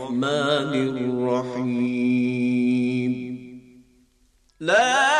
الرحمن الرحيم لا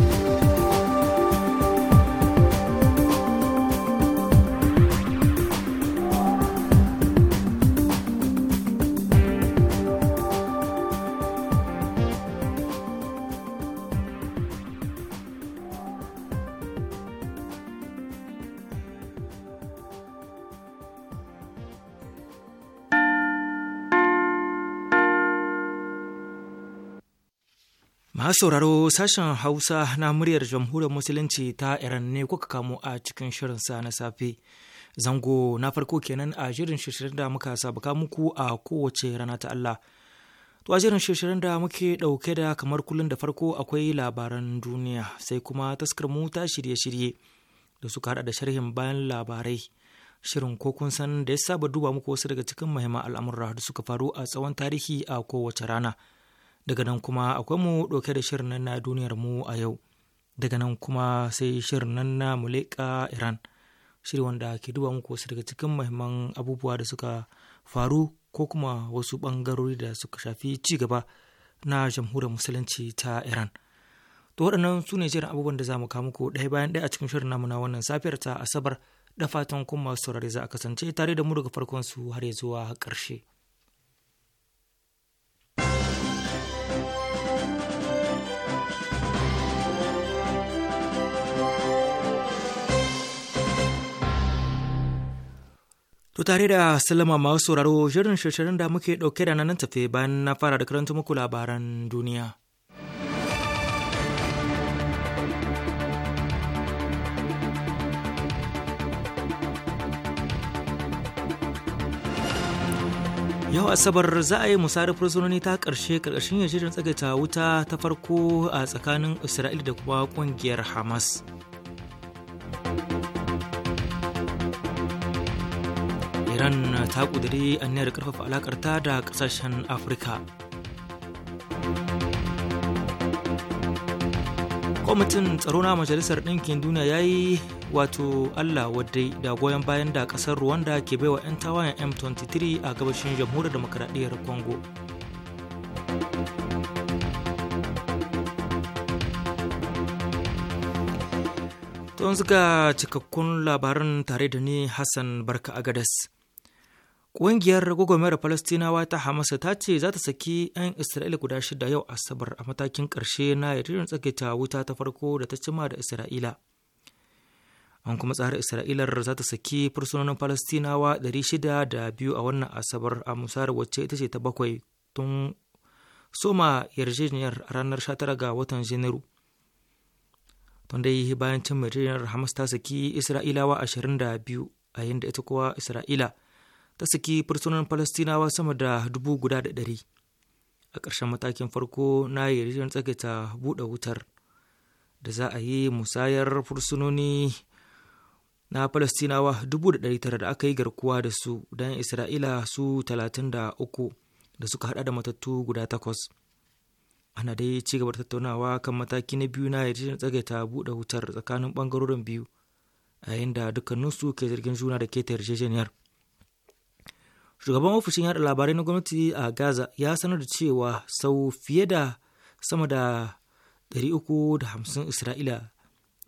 Masu sauraro sashen Hausa na muryar Jamhuriyar Musulunci ta Iran ne kuka kamo a cikin shirinsa na safe. Zango na farko kenan a shirin shirin da muka sabuka muku a kowace rana ta Allah. To a shirin shirin da muke ɗauke da kamar kullum da farko akwai labaran duniya sai kuma taskar mu ta shirye-shirye da suka hada da sharhin bayan labarai. Shirin ko kun san da ya saba duba muku wasu daga cikin muhimman al'amura da suka faru a tsawon tarihi a kowace rana. daga nan kuma akwai mu ɗauke da shirin nan na duniyar mu a yau daga nan kuma sai shirin nan na muleka iran shiri wanda ke duba muku wasu daga cikin mahimman abubuwa da suka faru ko kuma wasu ɓangarori da suka shafi ci gaba na jamhuriyar musulunci ta iran to waɗannan su ne shirin abubuwan da za mu kawo muku ɗaya bayan ɗaya a cikin shirin namu na wannan safiyar ta asabar da fatan kuma saurare za a kasance tare da mu daga farkon su har ya zuwa ƙarshe. To tare da salama masu sauraro shirin shirin da muke ɗauke da nan tafe bayan na fara da karanta muku labaran duniya. Yau Asabar za a yi musayar fursunoni ta ƙarshe ƙarƙashin yajirin tsagaita wuta ta farko a tsakanin Isra'ila da kuma ƙungiyar Hamas. iran ta ƙudiri aniyar ƙarfafa alakarta da ƙasashen afirka kwamitin tsaro na majalisar ɗinkin duniya ya yi wato allah wadai da goyon bayan da ƙasar rwanda ke baiwa 'yan tawayen m23 a gabashin jamhuriyar demokaradiyyar congo Tun suka cikakkun labarin tare da ni Hassan Barka Agadas. Ƙungiyar gwagwarmayar Falastinawa ta Hamas ta ce za ta saki 'yan Isra'ila guda shida yau Asabar a matakin ƙarshe na yarjerin tsakaita wuta ta farko da ta cima da Isra'ila. An kuma tsara Isra'ilar za ta saki fursunonin Falastinawa 602 a wannan Asabar a musayar wacce ita ce ta bakwai tun soma yarjejeniyar ranar 19 ga watan Janairu. Tun dai bayan cin yarjejeniyar Hamas ta saki Isra'ilawa 22 a yayin ita kuwa Isra'ila ta saki fursunan falastinawa sama da dubu guda da ɗari a ƙarshen matakin farko na yarjejen tsagaita buɗe wutar da za a yi musayar fursunoni na falastinawa dubu da ɗari tara da aka yi garkuwa da su don isra'ila su talatin da uku da suka haɗa da matattu guda takwas ana dai ci gaba tattaunawa kan mataki na biyu na yarjejen tsagaita buɗe wutar tsakanin ɓangarorin biyu a yayin da dukkaninsu ke zargin juna da keta yarjejeniyar shugaban ofishin yada labarai na gwamnati a gaza ya sanar da cewa sau fiye da sama da 350 isra'ila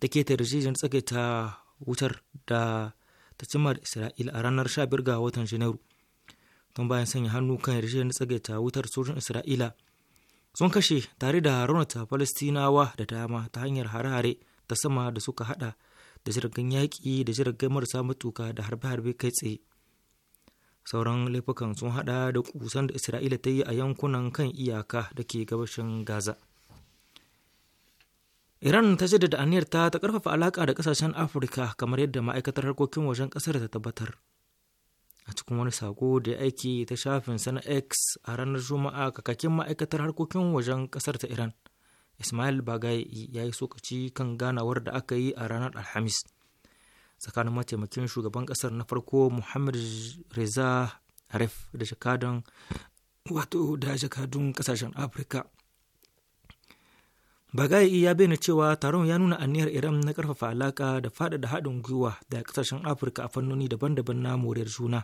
da ke ta rijiyar ta wutar da ta cimma da isra'ila a ranar 15 ga watan janairu don bayan sanya hannu kan rijiyar ta wutar sojin isra'ila sun kashe tare da raunata falastinawa da dama ta hanyar hare-hare ta sama da suka hada da jiragen yaƙi da jiragen marasa matuka da harbe-harbe kai tsaye sauran laifukan sun hada da kusan da isra'ila ta yi a yankunan kan iyaka da ke gabashin gaza iran ta jaddada aniyar ta ta karfafa alaka da kasashen afirka kamar yadda ma'aikatar harkokin wajen kasar ta tabbatar a cikin wani sako da ya aiki ta shafin sana x a ranar juma'a kakakin ma'aikatar harkokin wajen kasar ta iran ismail bagai ya yi sokaci kan ganawar da aka yi a ranar alhamis tsakanin mataimakin shugaban kasar na farko muhammad reza harif da jakadun wato da jakadun kasashen afirka bagayi ya bayyana cewa taron ya nuna aniyar iran na karfafa alaka da faɗaɗa haɗin gwiwa da kasashen afirka a fannoni daban-daban na moriyar juna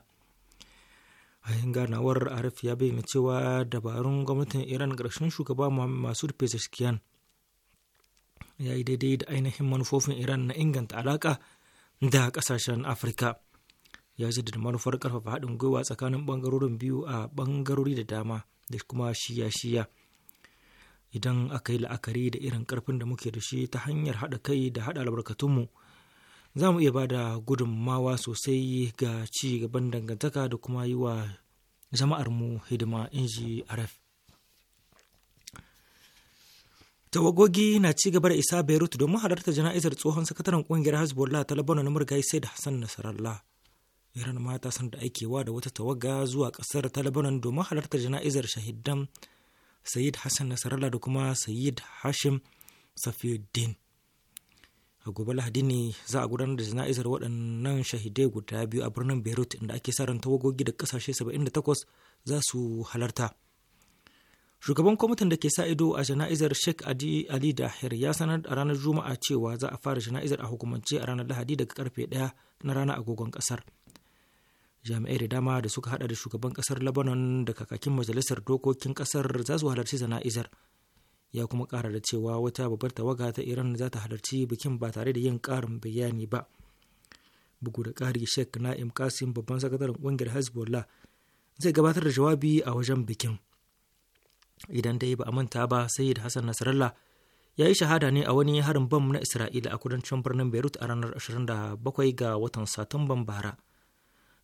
a yin ganawar arif ya bayyana cewa dabarun gwamnatin iran ƙarshen shugaba masud pezeshkian ya yi daidai da ainihin manufofin iran na inganta alaka da kasashen afirka ya da manufar karfafa haɗin gwiwa tsakanin ɓangarorin biyu a ɓangarori da dama da kuma shiya-shiya idan aka yi la'akari da irin ƙarfin da muke da shi ta hanyar haɗa kai da haɗa albarkatunmu za mu iya ba da gudunmawa sosai ga ci gaban dangantaka da kuma yi wa jama'armu hidima inji rf tawagogi na ci gaba da isa beirut domin halarta jana'izar tsohon sakataren kungiyar hezbollah ta labanon na murgai sai da hassan nasarallah iran ma ta sanar da aikewa da wata tawaga zuwa kasar ta labanon domin halarta jana'izar shahidan sayid hassan nasarallah da kuma sayid hashim safiuddin a gobe lahadi ne za a gudanar da jana'izar waɗannan shahidai guda biyu a birnin beirut inda ake sa ran tawagogi da ƙasashe 78 za su halarta shugaban kwamitin da ke sa ido a jana'izar sheikh adi ali dahir ya sanar a ranar juma'a cewa za a fara jana'izar a hukumance a ranar lahadi daga karfe 1 na rana agogon kasar jami'ai da dama da suka hada da shugaban kasar lebanon da kakakin majalisar dokokin kasar za su halarci jana'izar ya kuma kara da cewa wata babbar tawaga ta iran za ta halarci bikin ba tare da yin karin bayani ba bugu da ƙari sheikh na'im kasim babban sakataren ƙungiyar hezbollah zai gabatar da jawabi a wajen bikin idan dai ba a manta ba sayyid hassan nasrallah ya yi shahada ne a wani harin bam na isra'ila a kudancin birnin beirut a ranar 27 ga watan satumban bara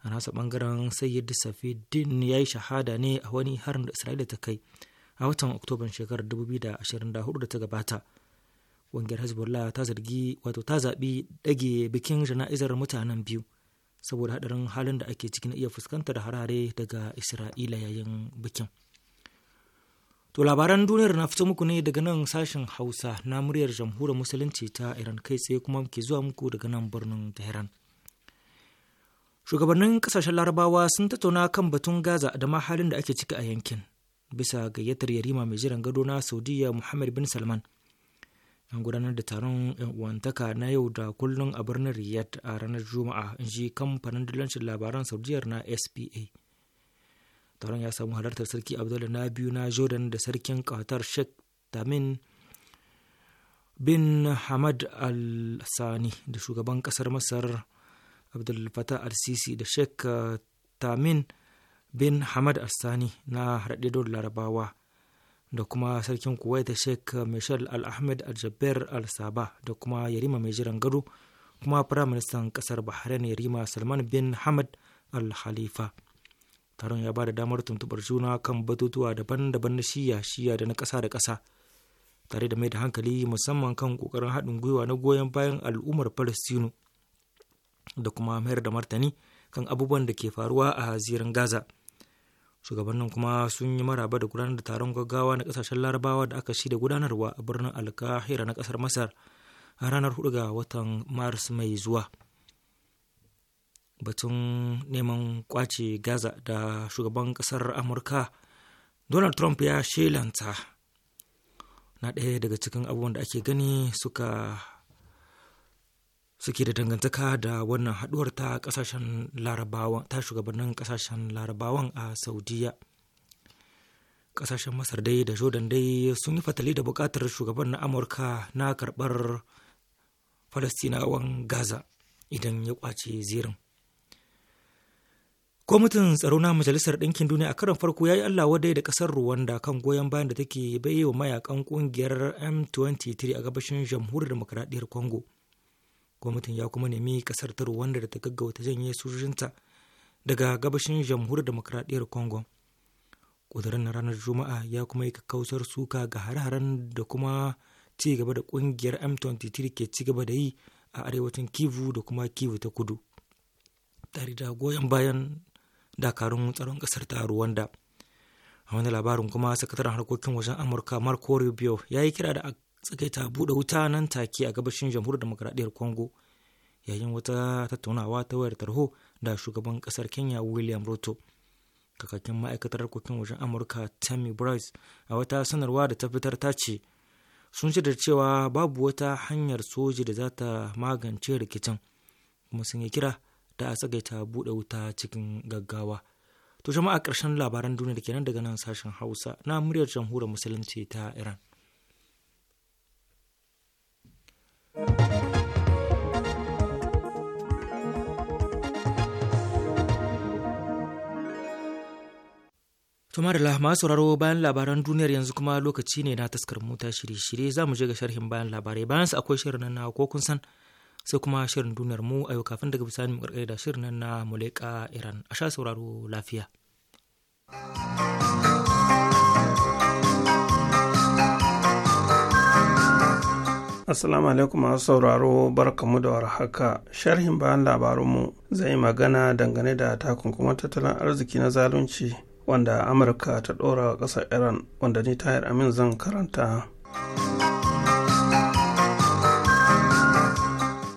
a nasa bangaren sayyid safiddin ya yi shahada ne a wani harin da isra'ila ta kai a watan oktoban shekarar 2024 da ta gabata ƙungiyar hezbollah ta zargi wato ta zaɓi ɗage bikin jana'izar mutanen biyu saboda haɗarin halin da ake na iya fuskantar harare daga isra'ila yayin bikin To labaran duniyar na fito muku ne daga nan sashen Hausa na muryar jamhuriyar musulunci ta Iran kai tsaye kuma ke zuwa muku daga nan birnin Tehran. Shugabannin kasashen Larabawa sun tattauna kan batun Gaza da ma halin da ake ciki a yankin bisa gayyatar yarima mai jiran gado na Saudiya Muhammad bin Salman. An gudanar da taron 'yan uwantaka na yau da kullum a birnin Riyadh a ranar Juma'a in ji kamfanin dillancin labaran Saudiyar na SPA. taron ya samu halartar sarki abdullah na biyu na jordan da sarkin qatar sheikh tamin bin hamad al sani da shugaban kasar masar abdul fatah al sisi da sheikh tamin bin hamad al sani na haɗaɗɗen larabawa da kuma sarkin kuwaita sheikh michel al-ahmed al-jabbar al-saba da kuma yarima mai jiran gado kuma firaministan kasar bahrain yarima salman bin hamad al-khalifa taron ya ba da damar tuntuɓar juna kan batutuwa daban-daban na shiya shiya da na ƙasa da ƙasa tare da mai da hankali musamman kan ƙoƙarin haɗin gwiwa na goyon bayan al'ummar palestino da kuma mayar da martani kan abubuwan da ke faruwa a zirin gaza shugabannin kuma sun yi maraba da gudanar da taron gaggawa na kasashen larabawa da aka shirya gudanarwa a birnin alkahira na kasar masar a ranar hudu ga watan maris mai zuwa batun neman kwace gaza da shugaban kasar amurka donald trump ya shelanta na ɗaya daga cikin abubuwan da ake gani suka suke da dangantaka da wannan haɗuwar ta kasashen larabawan ta shugabannin ƙasashen larabawan a saudiya ƙasashen masar dai da jordan dai sun yi fatali da buƙatar shugaban na amurka na karbar falastinawan gaza idan ya kwace zirin Kwamitin tsaro na Majalisar Ɗinkin Duniya a karon farko ya yi Allah wadai da ƙasar Ruwanda kan goyon bayan da take bai wa mayakan ƙungiyar M23 a gabashin jamhuriyar demokradiyyar Congo. Kwamitin ya kuma nemi ƙasar ta Ruwanda da ta gaggauta janye sojojinta daga gabashin jamhuriyar demokradiyyar Congo. Ƙudurin na ranar Juma'a ya kuma yi kakkausar suka ga hare-haren da kuma ci gaba da ƙungiyar M23 ke ci gaba da yi a arewacin Kivu da kuma Kivu ta kudu. Tare da goyon bayan dakarun tsaron kasar ta Rwanda. A wani labarin kuma sakataren harkokin wajen Amurka Marco Rubio ya yi kira da a tsakaita buɗe wuta nan take a gabashin jamhuriyar demokradiyyar Congo yayin wata tattaunawa ta wayar tarho da shugaban kasar Kenya William Ruto. Kakakin ma'aikatar harkokin wajen Amurka Tammy Bryce a wata sanarwa da ta fitar ta ce sun da cewa babu wata hanyar soji da za ta magance rikicin kuma sun yi kira da a tsagaita buɗe wuta cikin gaggawa. To jama'a ƙarshen labaran duniya da kenan daga nan sashen Hausa na muryar jamhuriyar musulunci ta Iran. da lahama sauraro bayan labaran duniyar yanzu kuma lokaci ne na taskar mota shirye-shirye za mu je ga sharhin bayan labarai bayan su akwai shirin na ko kun san sai kuma shirin duniyar mu a yau kafin daga bisani mu karkare da shirin nan na muleka iran a sha sauraro lafiya Assalamu alaikum masu sauraro barkamu da warhaka sharhin bayan labarunmu zai yi magana dangane da takunkuman tattalin arziki na zalunci wanda Amurka ta ɗora wa ƙasar Iran wanda ni tayar amin zan karanta.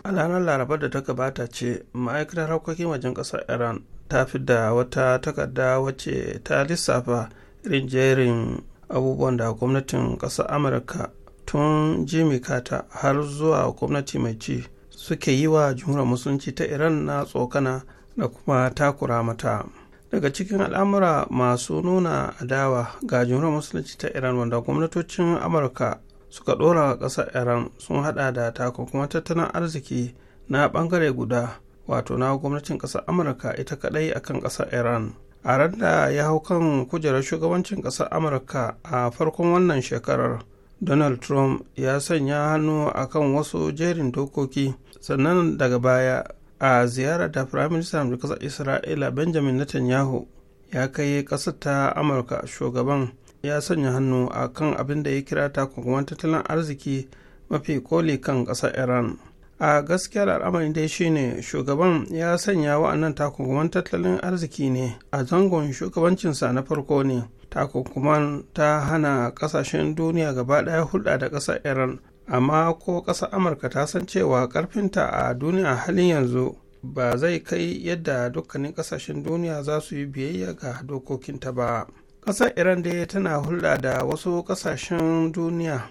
a ranar larabar da ta gabata ce ma'aikatar harkokin wajen ƙasar iran ta fi da wata takarda wacce ta lissafa irin jerin abubuwan da gwamnatin ƙasar amurka tun jimmy carter har zuwa gwamnati mai ci suke yi wa jumhuriyar musulunci ta iran na tsokana da kuma takura mata daga cikin al'amura masu nuna adawa ga jumhuriyar musulunci ta iran wanda gwamnatocin amurka suka ɗora a ƙasar iran sun hada da takunkuma tattalin arziki na bangare guda wato na gwamnatin ƙasar amurka ita kaɗai akan ƙasar iran a ran da ya hau kan kujerar shugabancin ƙasar amurka a farkon wannan shekarar donald trump ya sanya hannu akan wasu jerin dokoki sannan daga baya a ziyarar da firayim ministan ƙasar isra'ila benjamin netanyahu ya kai ƙasar ta amurka shugaban ya sanya hannu a kan abin da ya kira takunkuman tattalin arziki mafi koli kan ƙasar iran a gaskiyar al'amari dai shine shugaban ya sanya wa'annan takunkuman tattalin arziki ne a zangon shugabancinsa na farko ne takunkuman ta hana ƙasashen duniya gaba ɗaya hulɗa da ƙasar iran amma ko ƙasar amurka ta san cewa ƙarfinta a duniya halin yanzu ba zai kai yadda dukkanin ƙasashen duniya za su yi biyayya ga dokokinta ba ƙasar iran dai tana hulɗa da wasu ƙasashen duniya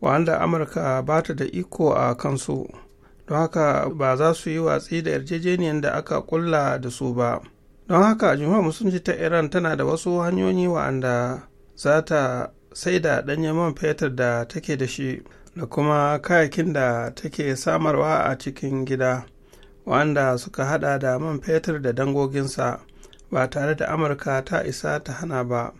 wanda amurka ba ta da iko a kansu don haka ba za su yi watsi da yarjejeniyar da aka kulla da su ba don haka jumhuriyar musulunci ta iran tana da wasu hanyoyi wa'anda za ta sai da ɗanyen man fetur da take da shi da kuma kayakin da take samarwa a cikin gida wanda suka hada da man fetur da dangoginsa ba tare da amurka ta isa ta hana ba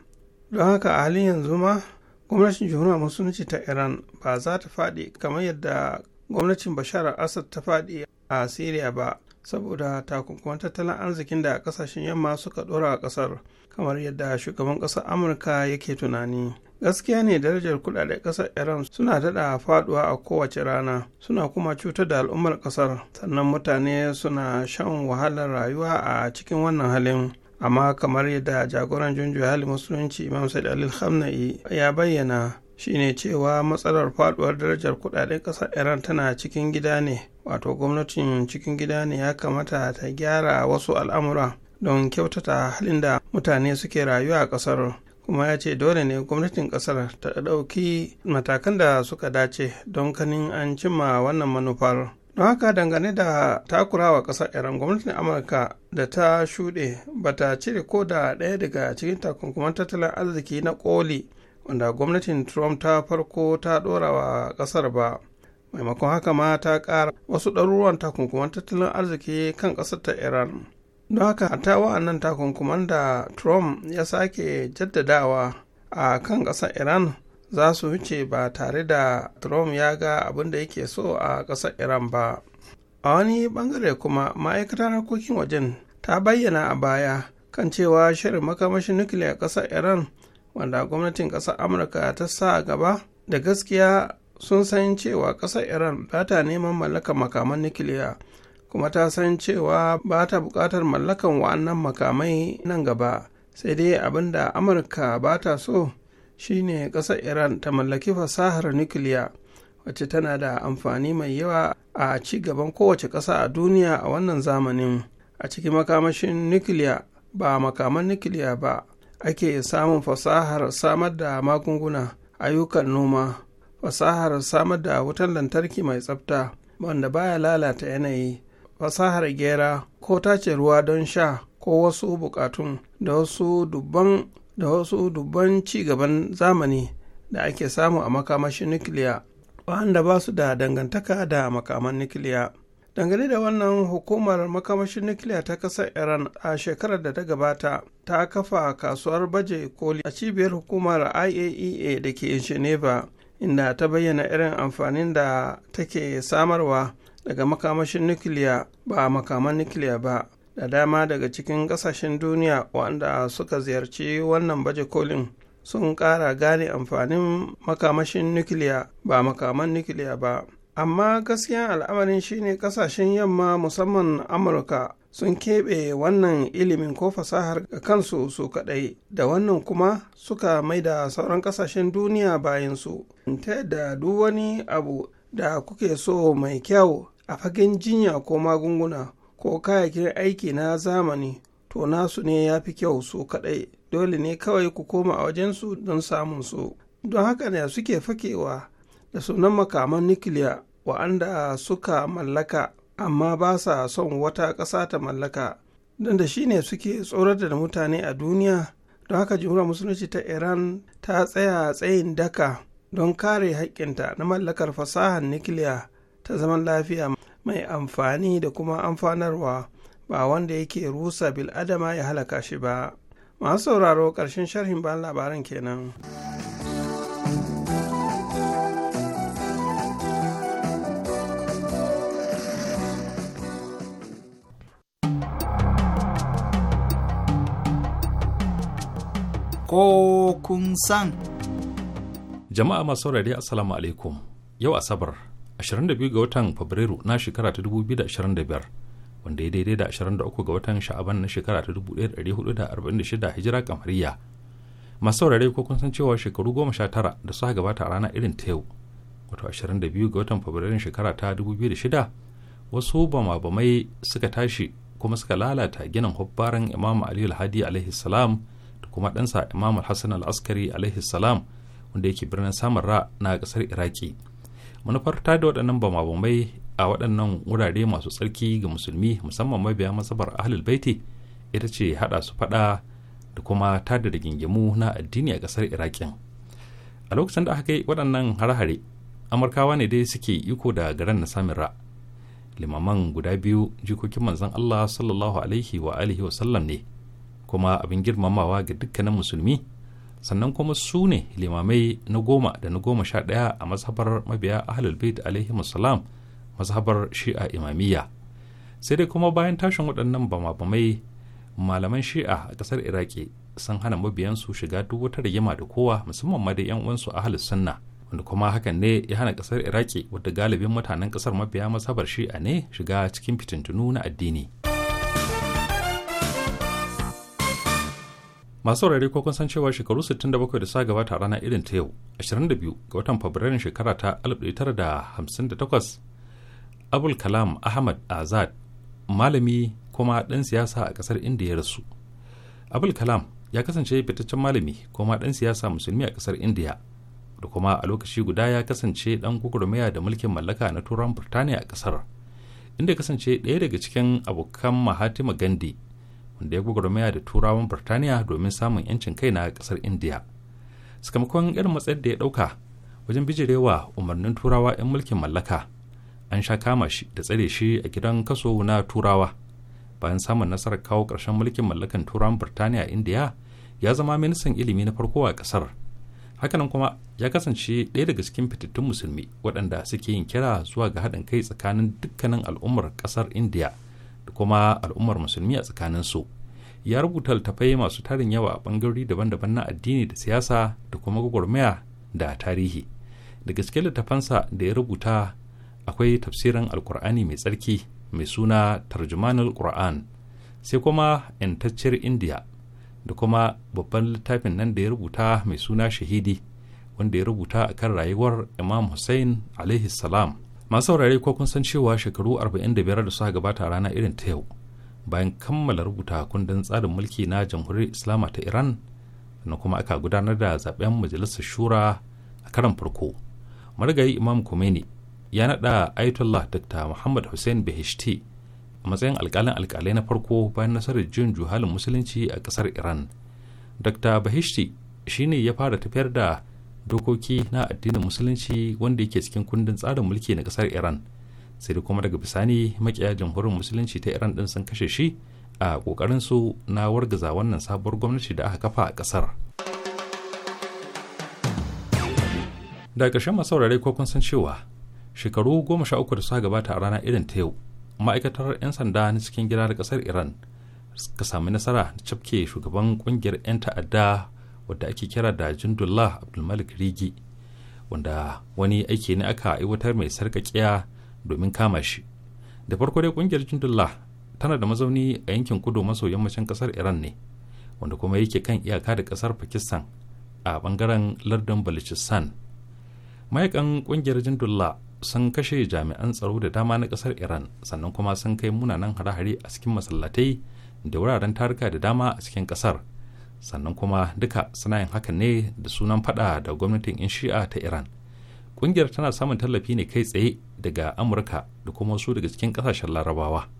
don haka a halin yanzu ma gwamnatin jihuna musulunci ta iran ba za ta faɗi kamar yadda gwamnatin bashar al-assad ta faɗi a syria ba saboda takunkuman tattalin arzikin da kasashen yamma suka ɗora a ƙasar kamar yadda shugaban ƙasar amurka yake tunani gaskiya ne darajar kudade ƙasar iran suna daɗa faɗuwa a kowace rana suna kuma cutar da al'ummar ƙasar. sannan mutane suna shan wahalar rayuwa a cikin wannan halin amma kamar yadda jagoran junju hali musulunci imam sa'id alil ya bayyana shine cewa matsalar faduwar darajar kudaden kasar iran tana cikin gida ne wato gwamnatin cikin gida ne ya kamata ta gyara wasu al'amura don kyautata halin da mutane suke rayuwa a kasar kuma ya ce dole ne gwamnatin kasar ta ɗauki matakan da suka dace don kanin an cimma wannan manufar don haka dangane da takurawa ƙasar iran gwamnatin amurka da ta shuɗe ta cire ko da ɗaya daga cikin takunkuman tattalin arziki na koli wanda gwamnatin trump ta farko ta ɗora wa ƙasar ba maimakon haka ma ta ƙara wasu ɗaruruwan takunkuman tattalin arziki kan ƙasar ta iran don haka ta wa'annan takunkuman da trump ya sake jaddadawa a kan ƙasar iran za su wuce ba tare da trump ya ga abin da yake so a ƙasar iran ba a wani bangare kuma ma'aikatar harkokin wajen ta bayyana a baya kan cewa shirin makamashin nukiliya a ƙasar iran wanda gwamnatin ƙasar amurka ta sa a gaba da gaskiya sun san cewa ƙasar iran ba ta neman mallakar makaman nukiliya kuma ta san cewa ba ta buƙatar mallakan wa'annan makamai nan gaba sai dai abin da amurka ba ta so shine ƙasar iran ta mallaki fasahar nukiliya wacce tana da amfani mai yawa a ci gaban kowace ƙasa a duniya a wannan zamanin a cikin makamashin nukiliya ba makaman nukiliya ba ake samun fasahar samar da magunguna ayyukan noma fasahar samar da wutan lantarki mai tsafta wanda baya lalata yanayi fasahar gera ko tace ruwa don sha ko wasu bukatun da wasu dubban da wasu dubban ci gaban zamani da ake samu a makamashin nukiliya waɗanda ba su da dangantaka da makaman nukiliya. dangane da wannan hukumar makamashin nukiliya ta kasar iran a shekarar da ta gabata ta kafa kasuwar baje koli a cibiyar hukumar iaea e da ke geneva inda ta bayyana irin amfanin da take samarwa daga makamashin nukiliya ba makaman nukiliya ba da dama daga cikin ƙasashen duniya wanda suka ziyarci wannan baje kolin sun ƙara gane amfanin makamashin nukiliya ba makaman nukiliya ba amma gaskiyan al'amarin shine ƙasashen yamma musamman amurka sun keɓe wannan ilimin ko fasahar ga kansu su kaɗai da wannan kuma suka maida sauran ƙasashen duniya bayansu ta yadda duk wani abu da kuke so mai kyau a fagen jinya ko magunguna ko kayakin aiki na zamani to nasu ne ya fi kyau su kaɗai dole ne kawai ku koma a wajensu don samun su don haka ne suke fakewa da sunan makaman nukiliya wa'anda suka mallaka amma ba sa son wata ƙasa ta mallaka don da shine suke tsorar da mutane a duniya don haka jimura musulunci ta iran ta tsaya tsayin daka don kare haƙƙinta na mallakar fasahar nukiliya ta zaman lafiya mai amfani da kuma amfanarwa ba wanda yake rusa bil'adama ya halaka shi ba masu sauraro ƙarshen sharhin ban labaran kenan. ko kun san. Jama'a masu saurari Assalamu alaikum, yau Asabar 22 ga watan fabrairu na shekara ta 2025 wanda ya daidai da 23 ga watan sha'aban na shekara ta 1446 hijira kamariya masu saurare ko kun san cewa shekaru 19 da suka gabata a rana irin ta yau wato 22 ga watan Fabrairu shekara ta 2006 wasu bama-bamai suka tashi kuma suka lalata ginin hubbaran imam ali alhadi alaihi salam da kuma ɗansa imam hassan al-askari alaihi salam wanda yake birnin samarra na ƙasar iraki manufar ta da waɗannan bamabamai a waɗannan wurare masu tsarki ga musulmi musamman mabiya masabar ahlul baiti ita ce haɗa su faɗa da kuma ta da gingimu na addini a ƙasar iraƙin a lokacin da aka kai waɗannan hare-hare amurkawa ne dai suke iko da garan na samira limaman guda biyu jikokin manzon allah sallallahu alaihi wa alihi sallam ne kuma abin girmamawa ga dukkanin musulmi sannan kuma su ne limamai na goma da na goma sha ɗaya a mazhabar mabiya ahlul bait alaihi salam mazhabar shi'a imamiyya sai dai kuma bayan tashin waɗannan bama-bamai malaman shi'a a ƙasar iraki sun hana mabiyansu shiga duk wata rigima da kowa musamman ma da 'yan uwansu ahlus sunna wanda kuma hakan ne ya hana ƙasar iraki wadda galibin mutanen ƙasar mabiya mazhabar shi'a ne shiga cikin fitintunu na addini. masu saurare ko kun san cewa shekaru 67 da sa gabata rana irin ta yau 22 ga watan fabrairun shekara ta 1958 abul kalam ahmad azad malami kuma ɗan siyasa a kasar indiya ya rasu abul kalam ya kasance fitaccen malami kuma ɗan siyasa musulmi a kasar indiya da kuma a lokaci guda ya kasance ɗan gugurmaya da mulkin mallaka na turan burtaniya a kasar inda ya kasance ɗaya daga cikin abokan mahatima gandhi da ya gwagwarmaya da turawan birtaniya domin samun yancin kai na kasar indiya sakamakon irin matsayar da ya dauka wajen bijirewa umarnin turawa 'yan mulkin mallaka an sha kama shi da tsare shi a gidan kaso na turawa bayan samun nasarar kawo ƙarshen mulkin mallakan turawan birtaniya indiya ya zama ministan ilimi na farko a kasar hakanan kuma ya kasance ɗaya daga cikin fitattun musulmi waɗanda suke yin kira zuwa ga haɗin kai tsakanin dukkanin al'ummar ƙasar indiya da kuma al'ummar musulmi a tsakanin su ya rubuta littattafai masu tarin yawa a bangarori daban-daban na addini da siyasa da kuma gwagwarmaya da tarihi da gaske littafansa da ya rubuta akwai tafsirin alkur'ani mai tsarki mai suna tarjumanul qur'an sai kuma Intacciyar indiya da kuma babban littafin nan da ya rubuta mai suna shahidi wanda ya rubuta a kan rayuwar imam hussein alaihi salam masu saurare ko kun san cewa shekaru 45 da suka gabata rana irin ta yau bayan kammala rubuta kundin tsarin mulki na jamhuriyar islama ta iran na kuma aka gudanar da zaben majalisar shura a karan farko marigayi imam khomeini ya naɗa ayatollah dr muhammad hussein bht a matsayin alkalin alkalai na farko bayan nasarar jin juhalin musulunci a ƙasar iran dr bahishti shine ya fara tafiyar da dokoki na addinin musulunci wanda yake cikin kundin tsarin mulki na kasar iran sai da kuma daga bisani makiya jamhurin musulunci ta iran din sun kashe shi a kokarin su na wargaza wannan sabuwar gwamnati da aka kafa a kasar da ƙarshen masaurare ko kun san cewa shekaru goma sha uku da suka gabata a rana irin ta yau ma'aikatar 'yan sanda na cikin gida da kasar iran ka sami nasara da cafke shugaban kungiyar 'yan ta'adda wadda ake kira da jindullah abdulmalik rigi wanda wani aiki ne aka aiwatar mai sarkakiya domin kama shi da farko dai kungiyar jindullah tana da mazauni a yankin kudu maso yammacin kasar iran ne wanda kuma yake kan iyaka da kasar pakistan a bangaren lardin balochistan mayakan kungiyar jindullah sun kashe jami'an tsaro da dama na kasar iran sannan kuma sun kai munanan hare-hare a cikin masallatai da wuraren taruka da dama a cikin kasar sannan kuma duka suna yin hakan ne da sunan fada da gwamnatin in shi'a ta iran kungiyar tana samun tallafi ne kai tsaye daga amurka da kuma wasu daga cikin kasashen larabawa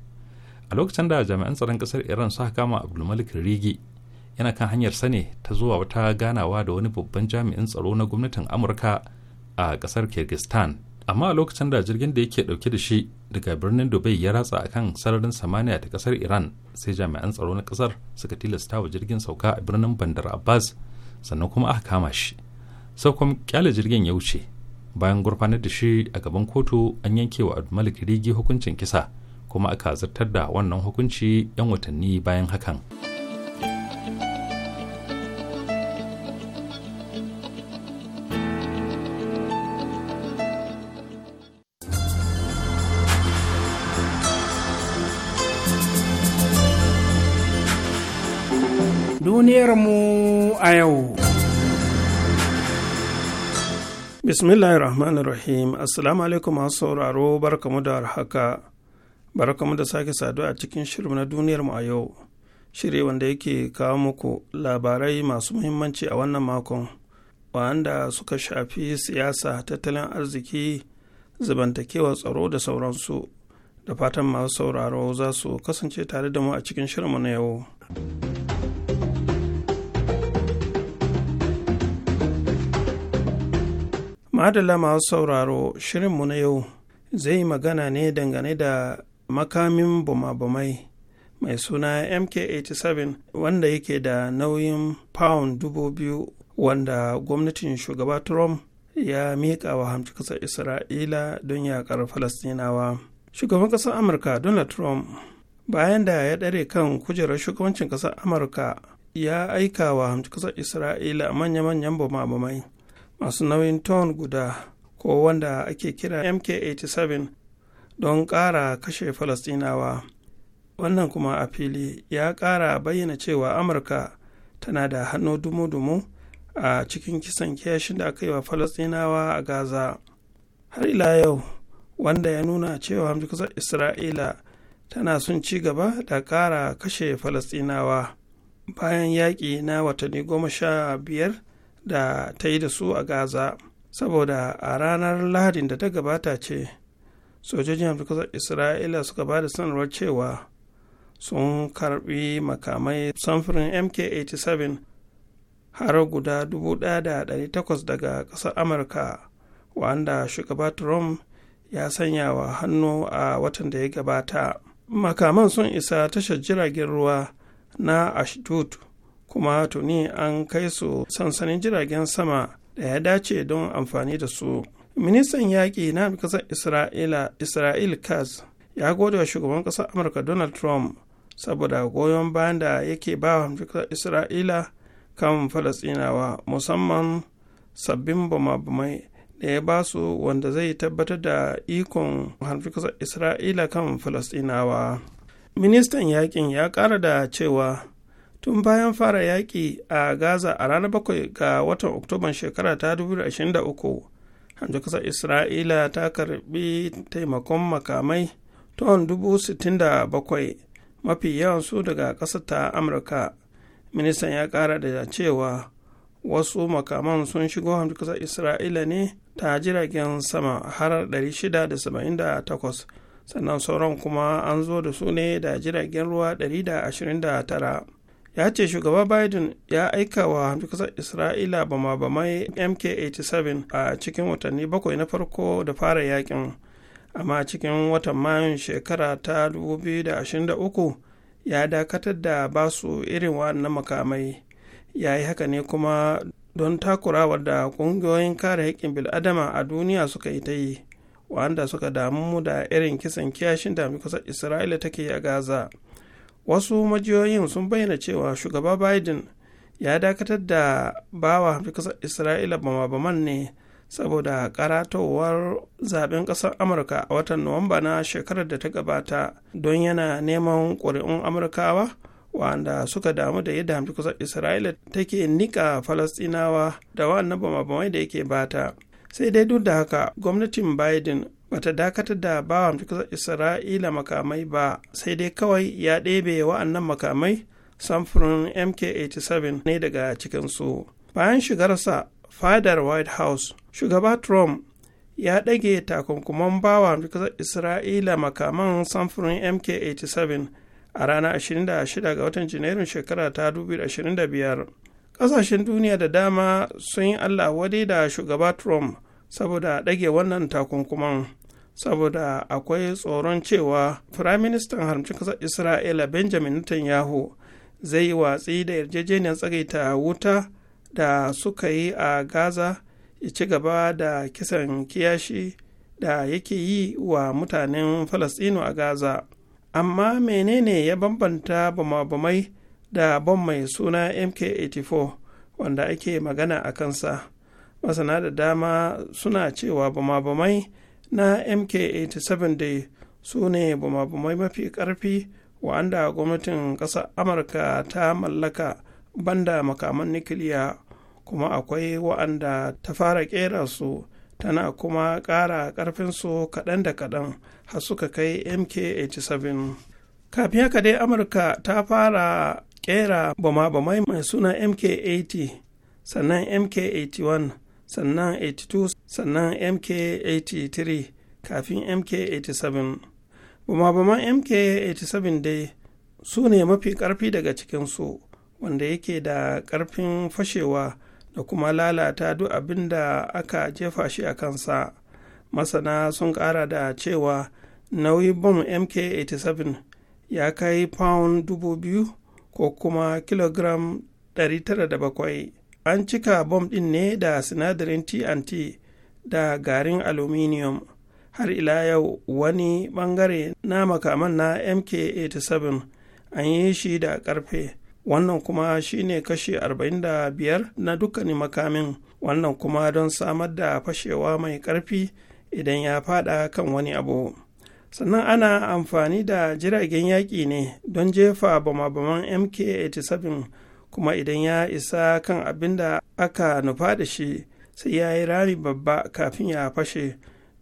a lokacin da jami'an tsaron kasar iran suka kama abdulmalik rigi yana kan hanyar sane ta zuwa wata ganawa da wani babban jami'in tsaro na gwamnatin amurka a kasar kyrgyzstan amma a lokacin da jirgin da yake dauke da shi daga birnin dubai ya ratsa a kan sararin samaniya ta kasar iran sai jami'an tsaro na kasar suka tilasta wa jirgin sauka a birnin bandar abbas sannan kuma aka kama shi sau kuma kyale jirgin ya wuce bayan gurfanar da shi a gaban kotu an yanke wa malik rigi hukuncin kisa kuma aka zartar da wannan hukunci 'yan watanni bayan hakan. mu a yau. Bismillahir Rahmanir Rahim, Assalamu alaikum masu sauraro barkamu da haka. Barkamu da sake saduwa a cikin shirin na duniyar mu a yau. Shiri wanda yake kawo muku labarai masu muhimmanci a wannan makon, wanda suka shafi siyasa, tattalin arziki, zubantakewa tsaro da sauransu. Da fatan masu sauraro za su kasance tare da mu a cikin shirinmu na yau. madalla masu sauraro shirinmu na yau zai yi magana ne dangane da makamin bumabumai mai suna mk-87 wanda yake da nauyin pound dubu biyu wanda gwamnatin shugaba trump ya miƙa wa hamci ƙasar isra'ila don yaƙar falastinawa shugaban ƙasar amurka donald trump bayan da ya ɗare kan kujerar shugabancin ƙasar amurka ya aika wa hamci ƙasar isra'ila manya-manyan bumabumai masu nauyin ton guda ko wanda ake kira mk-87 don ƙara kashe falastinawa wannan kuma a fili ya ƙara bayyana cewa amurka tana da hannu dumu-dumu a cikin kisan kiyashin da aka yi wa falastinawa a gaza har ila yau wanda ya nuna cewa hamjikusa isra'ila tana sun ci gaba da ƙara kashe falastinawa bayan yaƙi na watanni goma sha biyar da ta yi da su a gaza saboda a ranar lahadin da ta gabata ce sojojin amurka isra'ila suka ba da sanarwar cewa sun karbi makamai samfurin mk-87 har guda 1,800 daga ƙasar amurka wanda shugaba trump ya sanya wa hannu a watan da ya gabata makaman sun isa tashar jiragen ruwa na ashdod kuma tuni an kai su sansanin jiragen sama da ya dace don amfani da su ministan yaƙi na ƙasar isra'ila isra'il kaz ya gode wa shugaban ƙasar amurka donald trump saboda goyon bayan da yake ba wa ƙasar isra'ila kan falasɗinawa musamman sabbin bama-bamai da ya ba su wanda zai tabbatar da ikon ƙasar isra'ila kan falasɗinawa ministan yaƙin ya ƙara da cewa tun bayan fara yaƙi a gaza a ranar 7 ga watan oktoban shekara ta 2023 hanzu kasar isra'ila ta karbi taimakon makamai ton 67,000 mafi yawansu daga ƙasar ta amurka ministan ya ƙara da cewa wasu makaman sun shigo hanzu kasa isra'ila ne ta jiragen sama har 678 sannan sauran kuma an zo da su ne da jiragen ruwa 129 ya ce shugaba biden ya aika wa kasar isra'ila bama-bamai mk-87 a cikin watanni bakwai na farko da fara yakin amma cikin watan mayun shekara ta 2023 ya dakatar da basu irin na makamai ya yi haka ne kuma don takurawar da ƙungiyoyin kare haƙƙin bil'adama a duniya suka yi ta yi wanda suka damu da irin kisan kiyashin da kusan isra'ila take yi a gaza wasu majiyoyin sun bayyana cewa shugaba biden ya dakatar da bawa kasar isra'ila bama-baman ne saboda karatowar zaben kasar amurka a watan nuwamba na shekarar da ta gabata don yana neman ƙuri'un amurkawa wanda suka damu da yadda hamdi kusan isra'ila take nika falastinawa da wa'annan bama-bamai da yake bata sai dai duk da haka gwamnatin biden bata dakatar da bawa kasar isra'ila makamai ba sai dai kawai ya ɗebe wa'annan makamai samfurin mk-87 ne daga cikinsu bayan shigarsa fadar white house shugaba trump ya ɗage takunkuman bawa kasar isra'ila makaman samfurin mk-87 a ranar 26 ga watan janairun shekara ta 2025 ƙasashen duniya da dama sun yi allah wadai da shugaba trump saboda ɗage wannan takunkuman saboda akwai tsoron cewa firaministan haramcin ƙasar isra'ila benjamin netanyahu zai yi watsi da yarjejeniyar tsagaita wuta da suka yi a gaza ya ci gaba da kisan kiyashi da yake yi wa mutanen falasɗinu a gaza amma menene ya bambanta bamabamai da bom mai suna mk-84 wanda ake magana a kansa masana da dama suna cewa bamabamai. na mk-87 dai su ne bumabumai mafi karfi wa'anda gwamnatin ƙasar amurka ta mallaka banda makaman nukiliya kuma akwai wa'anda ta fara ƙera su tana kuma ƙara ƙarfinsu kaɗan da kaɗan har suka kai mk-87 kafin haka dai amurka ta fara ƙera bama mai suna mk-80 sannan mk-81 sannan 82 sannan mk83 kafin mk87 baman mk87 dai su ne mafi ƙarfi daga cikinsu wanda yake da ƙarfin fashewa da kuma lalata duk abin da aka jefa shi a kansa masana sun kara da cewa nauyin bom mk87 ya kai pound 2000 ko kuma kilogram bakwai. an cika bom ɗin ne da sinadarin tnt da garin aluminium har ila yau wani ɓangare na makaman na mk-87 an yi shi da ƙarfe wannan kuma shine kashi 45 na dukkanin makamin wannan kuma don samar da fashewa mai ƙarfi idan ya fada kan wani abu sannan ana amfani da jiragen yaƙi ne don jefa bama-baman mk-87 kuma idan ya isa kan abin da aka nufa da shi sai ya yi rami babba kafin ya fashe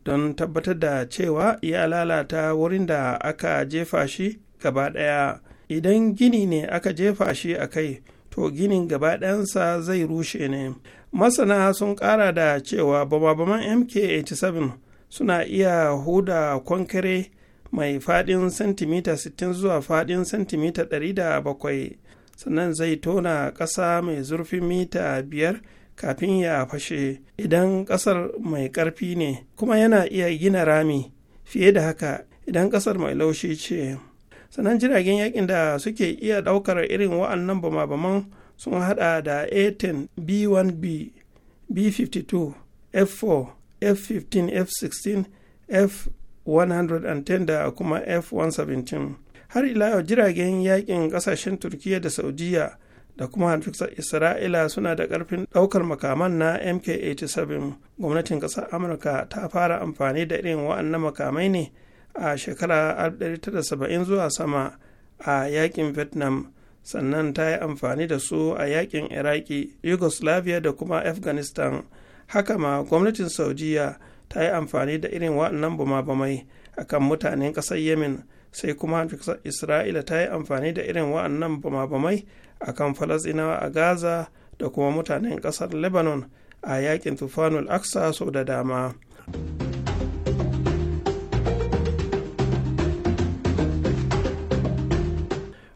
don tabbatar da cewa ya lalata wurin da aka jefa shi gaba ɗaya idan gini ne aka jefa shi a kai to ginin gaba ɗayansa zai rushe ne masana sun ƙara da cewa bababaman mk-87 suna iya huda kwankare mai faɗin sentimita 60 zuwa faɗin sentimita 107 sannan zai tona ƙasa mai zurfin mita biyar kafin ya fashe idan ƙasar mai ƙarfi ne kuma yana iya gina rami fiye da haka idan ƙasar mai laushi ce sannan jiragen yakin da suke iya ɗaukar irin wa'annan bama-baman sun haɗa da a10 b1b b52 f4 f15 f16 f110 da kuma f117 har ila yau jiragen yakin kasashen turkiya da saudiya da kuma hanfisar isra'ila suna da karfin daukar makaman na mk-87 gwamnatin kasar amurka ta fara amfani da irin wa'annan makamai ne a shekara 1970 zuwa sama a yakin vietnam sannan ta yi amfani da su a yakin iraki yugoslavia da kuma afghanistan haka ma gwamnatin saudiya ta yi amfani da irin wa'annan bama-bamai akan mutanen kasar yemen sai kuma isra'ila ta yi amfani da irin wa'annan bama-bamai a kan falasinawa a gaza da kuma mutanen ƙasar lebanon a yakin tufanul aksa sau da dama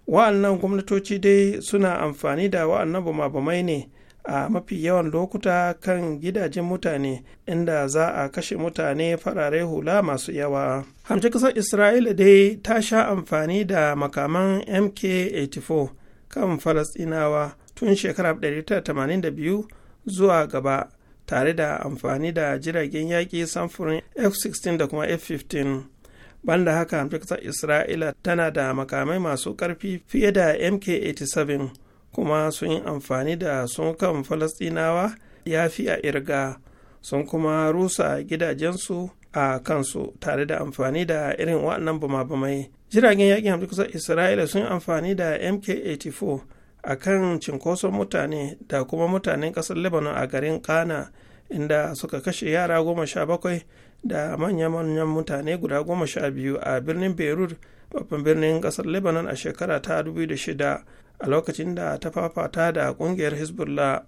wa'annan gwamnatoci dai suna amfani da wa'annan bama-bamai ne a mafi yawan lokuta kan gidajen mutane inda za a kashe mutane farare hula masu yawa hamshe kasar isra'ila dai ta sha amfani da makaman mk-84 kan falasɗinawa tun shekarar 1982 zuwa gaba tare da amfani da jiragen yaƙi samfurin f-16 da kuma f-15 banda haka hamshe kasar isra'ila tana da makamai masu ƙarfi fiye da mk-87 kuma sun yi amfani da kan falasɗinawa ya fi a irga sun kuma rusa gidajensu a kansu tare da amfani da irin waɗannan bama-bamai jiragen yakin hamsin kusa isra'ila sun yi amfani da mk-84 a kan cinkoson mutane da kuma mutanen ƙasar lebanon a garin kana inda suka kashe yara goma sha bakwai da manya-manyan mutane guda goma sha biyu a birnin beirut babban birnin ƙasar lebanon a shekara ta 2006 a lokacin da ta fafata da ƙungiyar hezbollah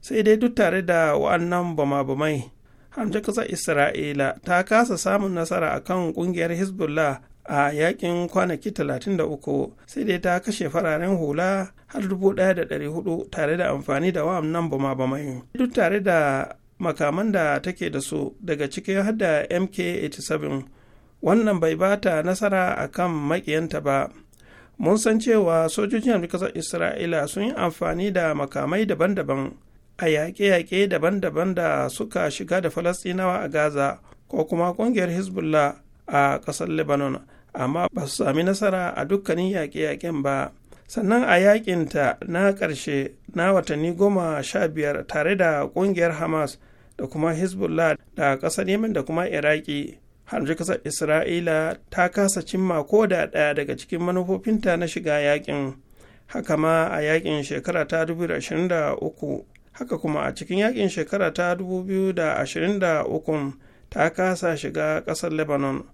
sai dai duk tare da wa'annan bama-bamai hamshe kasa isra'ila ta kasa samun nasara akan ƙungiyar hezbollah a yakin kwanaki 33 sai dai ta kashe fararen hula har 1,400 tare da amfani da wa'annan bama-bamai duk tare da makaman da take da su daga cikin hada mk-87 wannan bai bata nasara akan makiyanta ba mun san cewa sojojin amurkasar isra'ila sun yi amfani da makamai daban-daban a yaƙe-yaƙe daban-daban da suka shiga da falastinawa a gaza ko kuma ƙungiyar hezbollah a ƙasar lebanon amma ba su sami nasara a dukkanin yaƙe-yaƙen ba sannan a yaƙinta na ƙarshe na watanni goma sha biyar tare da ƙungiyar hamas da kuma hezbollah da ƙasar yemen da kuma iraki da kasar isra'ila ta kasa cimma ko da ɗaya daga cikin manufofinta na shiga yakin haka ma a yakin shekara ta 2023 haka kuma a cikin yakin shekara ta 2023 ta kasa shiga ƙasar lebanon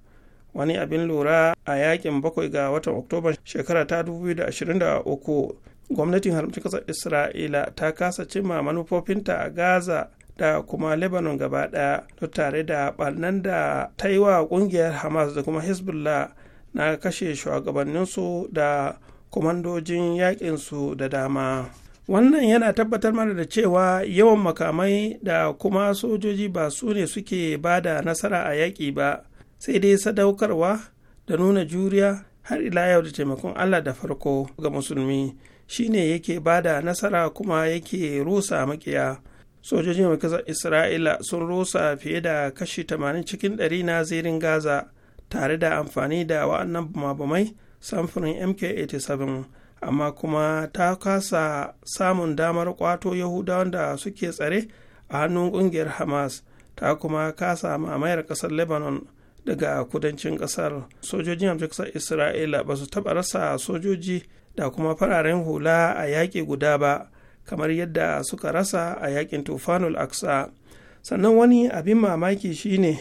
wani abin lura a yakin bakwai ga watan oktoba shekara ta 2023 gwamnatin haramci kasar isra'ila ta kasa cimma manufofinta a gaza da kuma lebanon gaba ɗaya to tare da barnan da ta yi wa ƙungiyar hamas da kuma hezbollah na kashe shugabanninsu da kwamandojin yaƙinsu da dama wannan yana tabbatar mana da cewa yawan makamai da kuma sojoji ba su ne suke ba da nasara a yaƙi ba sai dai sadaukarwa da nuna juriya har ila yau da taimakon allah da farko ga musulmi shine yake ba da nasara kuma yake rusa makiya sojojin mai kasar isra'ila sun rusa fiye da kashi 80 cikin 100 na zirin gaza tare da amfani da wa'annan bamabamai samfurin mk-87 amma kuma ta kasa samun damar kwato yahudawan da suke tsare a hannun kungiyar hamas ta kuma kasa mamayar kasar lebanon daga kudancin kasar sojojin amsar isra'ila ba su taɓa rasa sojoji da kuma fararen hula a yaƙi guda ba kamar yadda suka rasa a yakin tufanul aksa sannan wani abin mamaki shine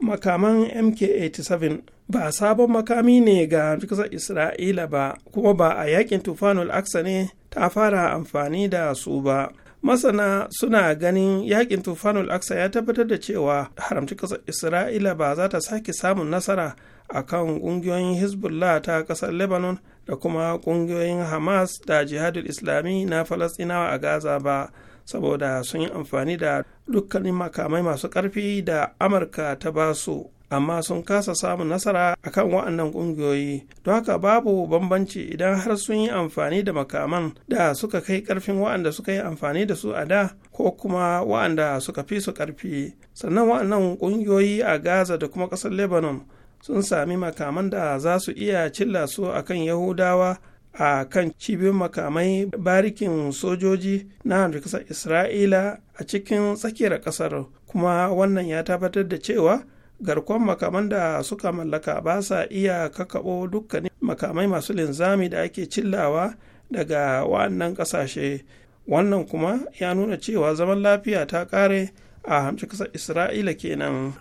makaman mk-87 ba sabon makami ne ga kasar isra'ila ba kuma ba a yakin tufanul aksa ne ta fara amfani da su ba masana suna ganin yakin tufanul aksa ya tabbatar da cewa haramci kasar isra'ila ba za ta sake samun nasara a kan ƙungiyoyin hezbollah ta ƙasar lebanon da kuma ƙungiyoyin hamas da jihadul islami na falasɗinawa a gaza ba saboda sun yi amfani da dukkanin makamai masu ƙarfi da amurka ta basu amma sun kasa samun nasara akan waɗannan ƙungiyoyi don haka babu bambanci idan har sun yi amfani da makaman da suka kai ƙarfin waɗanda suka yi amfani da su a da ko kuma waɗanda suka fi su ƙarfi sannan waɗannan ƙungiyoyi a gaza da kuma ƙasar lebanon sun sami makaman da za su iya cilla su a kan yahudawa a kan cibiyar makamai barikin sojoji na kasar isra'ila a cikin tsakiyar kasar kuma wannan ya tabbatar da cewa garkon makaman da suka mallaka ba sa iya kakaɓo dukkanin makamai masu linzami da ake cillawa daga wannan ƙasashe wannan kuma ya nuna cewa zaman lafiya ta kare a hamshi kasar isra'ila kenan.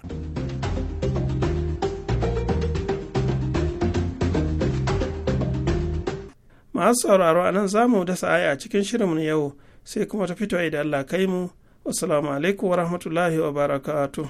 masu sauraro a nan za mu dasa aya a cikin shirinmu na yau sai kuma ta fito da Allah kai mu. Assalamu alaikum wa rahmatullahi wa barakatuh.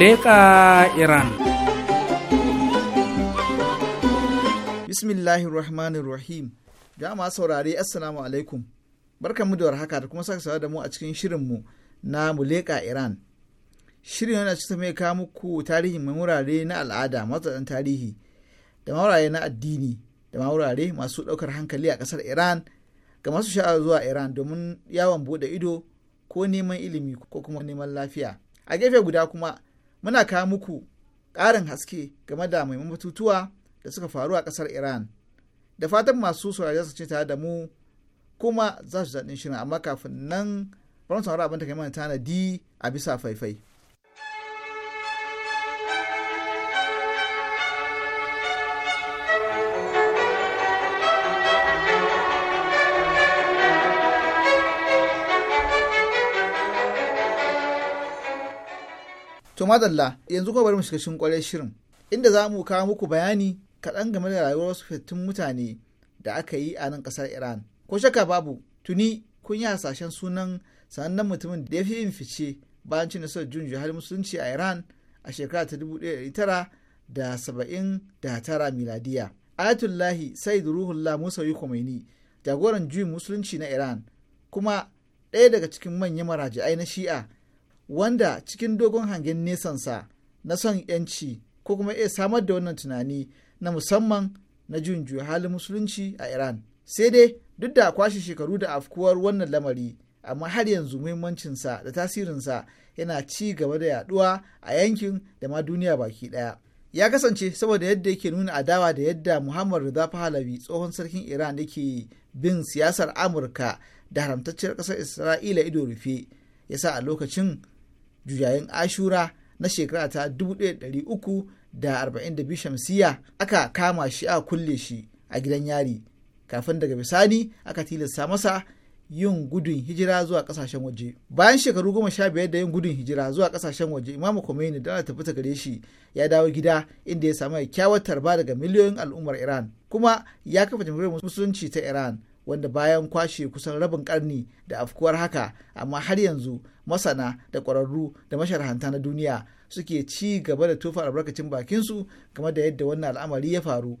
leƙa iran bismillahirrahmanirrahim jama'a saurare assalamu alaikum barkanmu da warhaka da kuma saka da mu a cikin shirinmu na muleka iran shirin yana cikin mai kawo muku tarihin mai wurare na al'ada matsadan tarihi da maurare na addini da maurare masu ɗaukar hankali a ƙasar iran ga masu sha'awar zuwa iran domin yawon buɗe ido ko neman ilimi ko kuma neman lafiya a gefe guda kuma muna kawo muku ƙarin haske game da muhimman batutuwa da suka faru a ƙasar Iran. Da fatan masu saurari su ce tare da mu kuma za su daɗin shirin amma kafin nan faransa wani abin da kai mana tanadi a bisa faifai. to madalla yanzu kuma bari mu shiga cikin kwarai shirin inda za mu kawo muku bayani kaɗan game da rayuwar wasu fitattun mutane da aka yi a nan ƙasar iran ko shakka babu tuni kun yi hasashen sunan sanannen mutumin da ya fi yin fice bayan cin nasarar junju har musulunci a iran a shekara ta dubu ɗaya tara da saba'in da tara miladiya ayatullahi said ruhullah musa yi khomeini jagoran juyin musulunci na iran kuma ɗaya daga cikin manyan marajiai na shi'a wanda cikin dogon hangen nesansa na son yanci ko kuma iya samar da wannan tunani na musamman na juyin halin musulunci a iran sai dai duk da kwashe shekaru da afkuwar wannan lamari amma har yanzu muhimmancinsa da tasirinsa yana ci gaba da yaduwa a yankin da ma duniya baki daya ya kasance saboda yadda yake nuna adawa da yadda muhammad rida pahlavi tsohon sarkin iran yake bin siyasar amurka da haramtacciyar ƙasar isra'ila ido rufe yasa a lokacin juyayin ashura na shekara ta 1342 shamsiya aka kama shi a kulle shi a gidan yari kafin daga bisani aka tilasta masa yin gudun hijira zuwa kasashen waje bayan shekaru goma sha biyar da yin gudun hijira zuwa kasashen waje imamu khomeini da tafi ta gare shi ya dawo gida inda ya samu kyakkyawar tarba daga miliyoyin al'ummar iran kuma ya kafa jamhuriyar musulunci ta iran wanda bayan kwashe kusan rabin karni da afkuwar haka amma har yanzu masana da ƙwararru da masharhanta na duniya suke ci gaba da tofa albarkacin bakinsu game da yadda wannan al'amari ya faru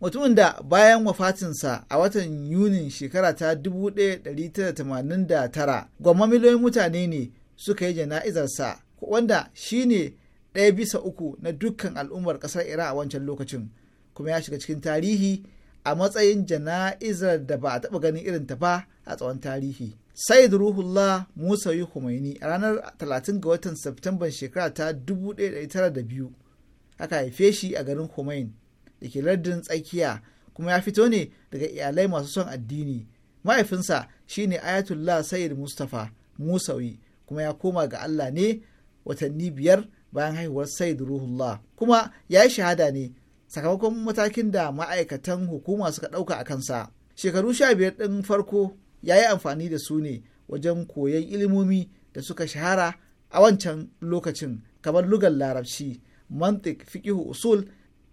mutumin da bayan wafatinsa a watan yunin shekara ta 1989 gwamma miliyoyin mutane ne suka yi jana'izarsa wanda shine ɗaya bisa uku na dukkan al'ummar ƙasar iran a wancan lokacin kuma ya shiga cikin tarihi a matsayin jana'izar da ba a taɓa ganin irin ta ba a tsawon tarihi. Said Ruhullah Musa yi a ranar 30 ga watan Septemban shekara ta 1902 aka haife shi a garin humain da ke lardin tsakiya kuma ya fito ne daga iyalai masu son addini. Mahaifinsa shine Ayatullah Said Mustapha Musawi kuma ya koma ga Allah ne watanni biyar bayan haihuwar Said Ruhullah kuma ya yi shahada ne sakamakon matakin da ma'aikatan hukuma suka ɗauka a kansa shekaru sha biyar ɗin farko ya yi amfani da su ne wajen koyon ilimomi da suka shahara a wancan lokacin kamar Lugan larabci mantik fikihu usul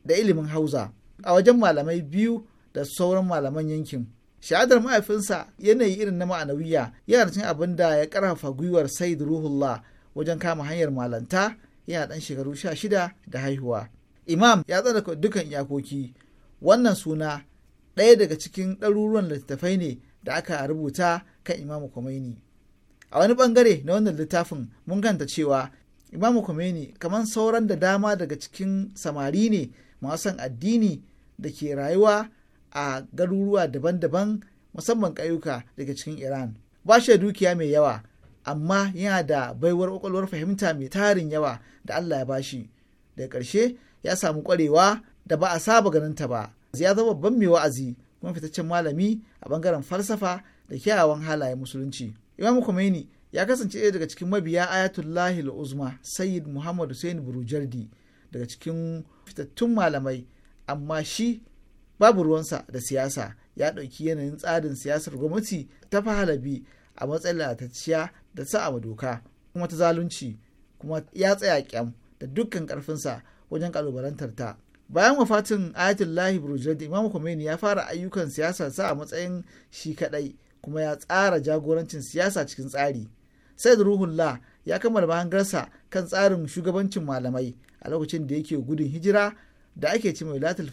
da ilimin hauza a wajen malamai biyu da sauran malaman yankin shahadar mahaifinsa yanayi irin na ma'anawiya yana cin abin da ya karfafa gwiwar said ruhullah wajen kama hanyar malanta yana ɗan shekaru sha shida da haihuwa imam ya tsarka dukan iyakoki wannan suna ɗaya daga cikin ɗaruruwan littattafai ne da aka rubuta kan imamu Khomeini. a wani bangare na wannan littafin mun ganta cewa imamu Khomeini kamar sauran da dama daga cikin samari ne masu san addini da ke rayuwa a garuruwa daban-daban musamman ƙauyuka daga cikin iran ba shi da dukiya mai yawa amma yana da baiwar ƙwaƙwalwar fahimta mai tarin yawa da allah ya bashi daga ƙarshe ya samu kwarewa da ba a saba ganin ta ba ya zama babban mai wa'azi kuma fitaccen malami a bangaren falsafa da kyawawan halayen musulunci imam khomeini ya kasance ɗaya daga cikin mabiya ayatullahi uzma sayyid muhammad hussein burujardi daga cikin fitattun malamai amma shi babu ruwansa da siyasa ya ɗauki yanayin tsarin siyasar gwamnati ta fahalabi a matsayin lalatacciya da sa'a doka kuma ta zalunci kuma ya tsaya kyam da dukkan ƙarfinsa wajen kalubalantar ta bayan wafatin ayatullahi burjadi imam khomeini ya fara ayyukan siyasa sa a matsayin shi kadai kuma ya tsara jagorancin siyasa cikin tsari said ruhullah ya kammala mahangarsa kan tsarin shugabancin malamai a lokacin da yake gudun hijira da ake ci mai latul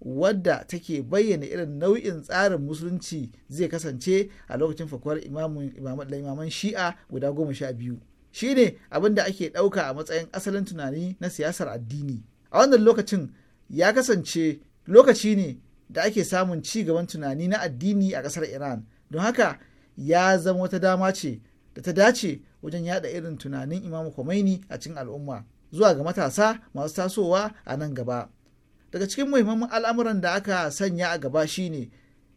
wadda take bayyana irin nau'in tsarin musulunci zai kasance a lokacin fakwar imaman shi'a guda goma sha biyu shi ne abin da ake ɗauka a matsayin asalin tunani na siyasar addini a wannan lokacin ya kasance lokaci ne da ake samun ci gaban tunani na addini a ƙasar iran don haka ya zama wata dama ce da ta dace wajen yada irin tunanin imam Khomeini a cikin al'umma zuwa ga matasa masu tasowa a nan gaba daga cikin muhimman al'amuran da aka sanya a gaba shine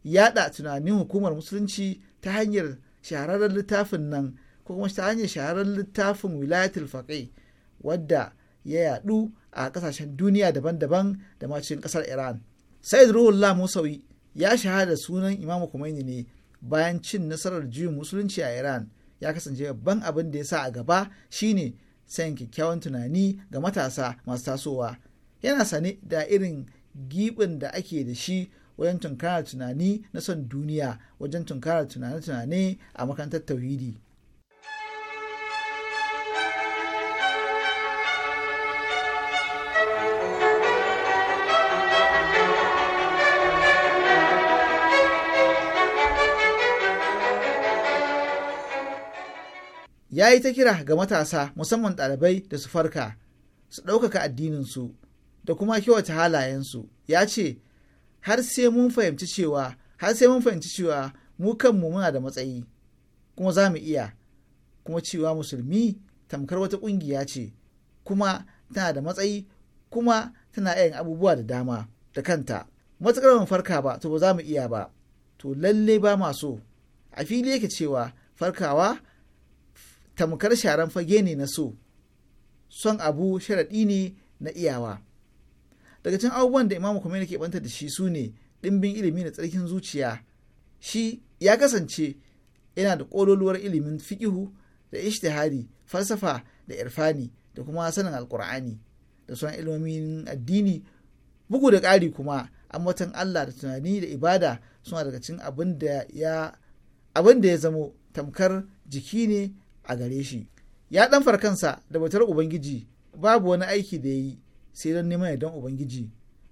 yada tunanin hukumar musulunci ta hanyar shahararren littafin nan ko kuma ta hanyar shaharar littafin wilayatul faqih wadda ya yadu a kasashen duniya daban-daban da ma cikin kasar Iran. Said Ruhullah Musawi ya shahada sunan Imam Khomeini ne bayan cin nasarar juyin musulunci a Iran ya kasance babban abin da ya sa a gaba shine sayan kyakkyawan tunani ga matasa masu tasowa yana sane da irin gibin da ake da shi wajen tunkarar tunani na son duniya wajen tunkarar tunane-tunane a makarantar tauhidi. ya yi ta kira ga matasa musamman ɗalibai da su farka su ɗaukaka addininsu da kuma kyawata halayensu ya ce har sai mun fahimci cewa har sai mun fahimci cewa mu kanmu muna da matsayi kuma za mu iya kuma cewa musulmi tamkar wata ƙungiya ce kuma tana da matsayi kuma tana yin abubuwa da dama da kanta matuƙar ban farka ba to ba za mu iya ba to lalle ba ma so a fili yake cewa farkawa tamkar sharan fage ne na so son abu sharaɗi ne na iyawa daga cikin abubuwan da imamu kuma ke banta da shi su ne ɗimbin ilimi da tsarkin zuciya shi ya kasance yana da ƙololuwar ilimin fiƙihu da ishtihari falsafa da irfani da kuma sanin alkur'ani da sauran ilimin addini bugu da ƙari kuma ambaton allah da tunani da ibada suna daga cikin abin da ya zamo tamkar jiki ne a gare shi ya dan farkansa da batar ubangiji babu wani aiki da ya yi sai don neman yardan ubangiji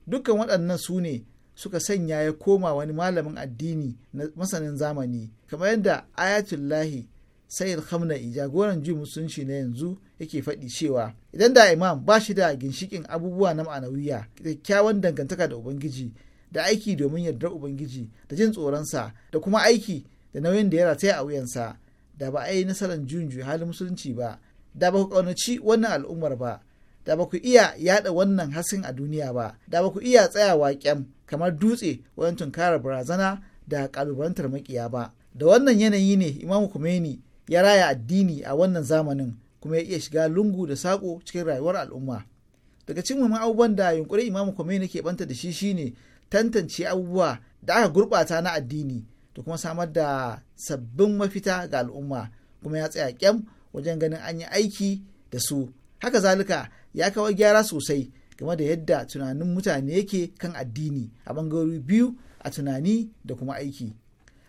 dukkan waɗannan su ne suka sanya ya koma wani malamin addini na masanin zamani kamar yadda ayatullahi sayyid hamna'i jagoran ji musulunci na yanzu yake faɗi cewa idan da imam ba shi da ginshikin abubuwa na ma'anawiya kyakkyawan dangantaka da ubangiji da aiki domin yardar ubangiji da jin tsoronsa da kuma aiki da nauyin da ya rataya a wuyansa da ba a yi nasarar junju halin musulunci ba da ba ku ƙaunaci wannan al'ummar ba da ba ku iya yada wannan hasin a duniya ba da ba ku iya tsayawa kyam kamar dutse wajen tunkarar barazana da kalubalantar makiya ba da wannan yanayi ne imamu kumeni ya raya addini a wannan zamanin kuma ya iya shiga lungu da saƙo cikin rayuwar al'umma daga cikin muhimman abubuwan da yunkurin imamu kumeni ke banta da shi shine tantance abubuwa da aka gurɓata na addini da kuma samar da sabbin mafita ga al'umma kuma ya tsaya kyam wajen ganin an yi aiki da su haka zalika ya kawo gyara sosai game da yadda tunanin mutane yake kan addini a bangarori biyu a tunani da kuma aiki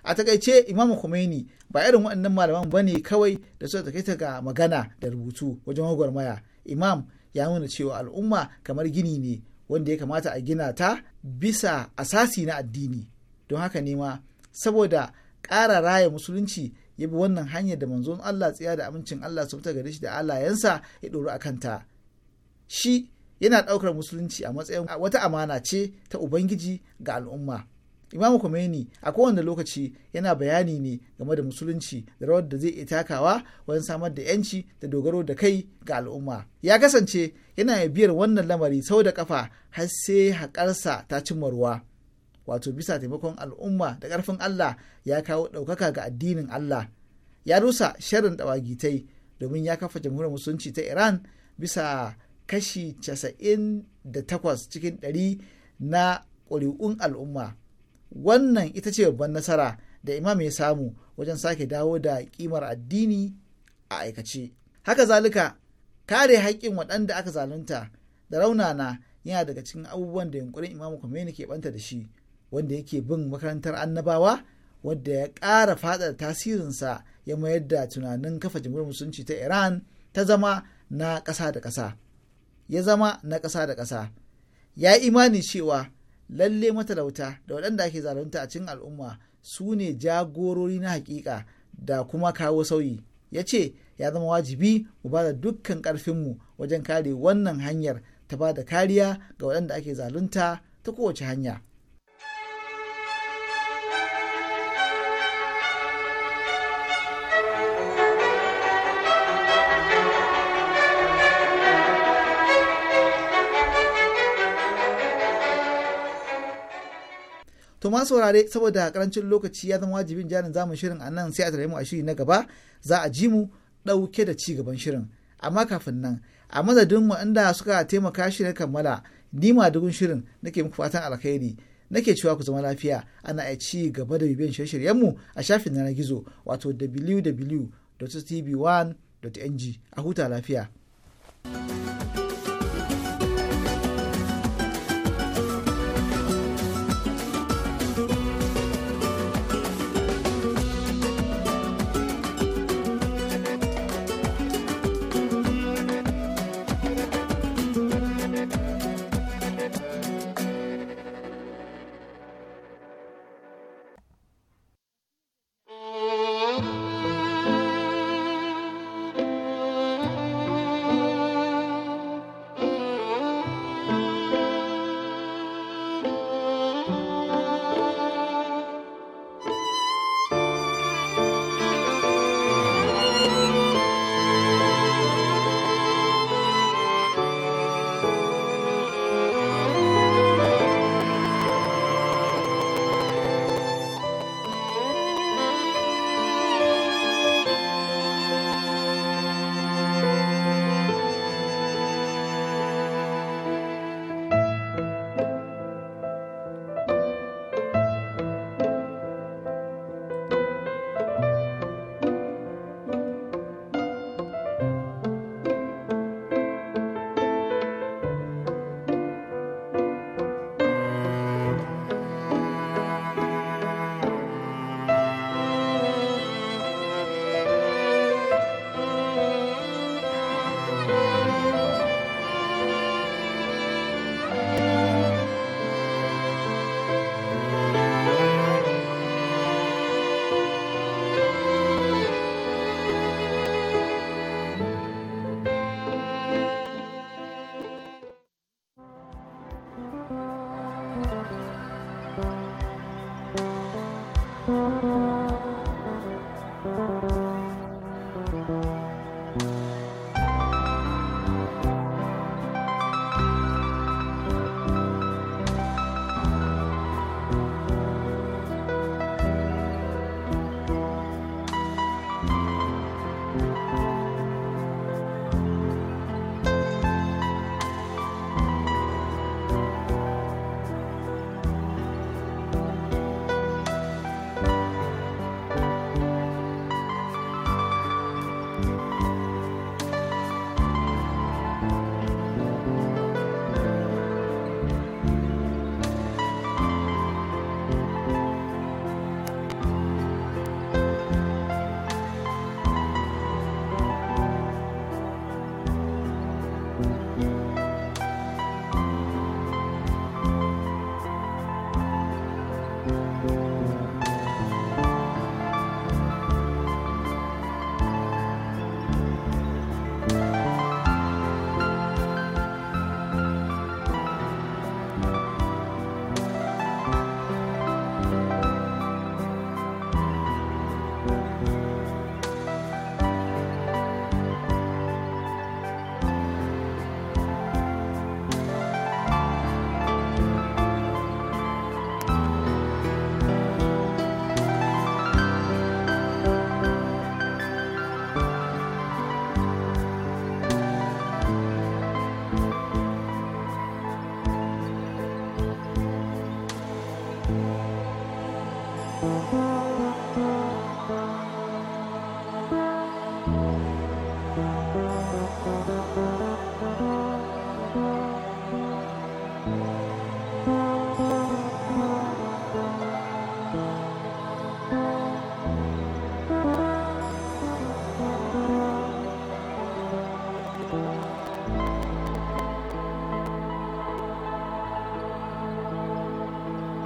a takaice imamu Khomeini ba irin waɗannan malaman ba ne kawai da suka takaita ga magana da rubutu wajen gwagwarmaya imam ya nuna cewa al'umma kamar gini ne wanda ya kamata a gina ta bisa asasi na addini don haka ne ma saboda ƙara raya musulunci ya bi wannan hanyar da manzon Allah tsiya da amincin Allah su fita gare shi da alayensa ya ɗoru a kanta shi yana ɗaukar musulunci a matsayin wata amana ce ta ubangiji ga al'umma imam Khomeini a kowane lokaci yana bayani ne game da musulunci da rawar da zai iya takawa wajen samar da yanci da dogaro da kai ga al'umma ya kasance yana biyar wannan lamari sau da kafa har sai haƙarsa ta cimma ruwa wato bisa taimakon al'umma da ƙarfin Allah ya kawo ɗaukaka ga addinin Allah ya rusa shirin ɗawagitai domin ya kafa jamhuriyar musulunci ta Iran bisa kashi 98 cikin 100 na ƙuri'un al'umma wannan ita ce babban nasara da imam ya samu wajen sake dawo da ƙimar addini a aikace haka zalika kare haƙƙin waɗanda aka zalunta da raunana yana daga cikin abubuwan da yunkurin imamu Khomeini ke banta da shi wanda yake bin makarantar annabawa wadda ya ƙara faɗaɗa tasirinsa ya mayar da tunanin kafa jamhuriyar musulunci ta iran ta zama na ƙasa da ƙasa ya zama na ƙasa da ƙasa ya imani cewa lalle matalauta da waɗanda ake zalunta a cin al'umma su ne jagorori na hakika da kuma kawo sauyi ya ce ya zama wajibi mu ba da dukkan ƙarfinmu wajen kare wannan hanyar ta ba da kariya ga waɗanda ake zalunta ta kowace hanya to ma saurare saboda karancin lokaci ya zama wajibin jarin zamu shirin a nan sai a tare mu a shiri na gaba za a ji mu ɗauke da ci gaban shirin amma kafin nan a madadin waɗanda suka taimaka shi na kammala ni ma dugun shirin nake muku fatan alkhairi nake cewa ku zama lafiya ana a ci gaba da bibiyan shirye mu a shafin na gizo wato www.tv1.ng a huta lafiya.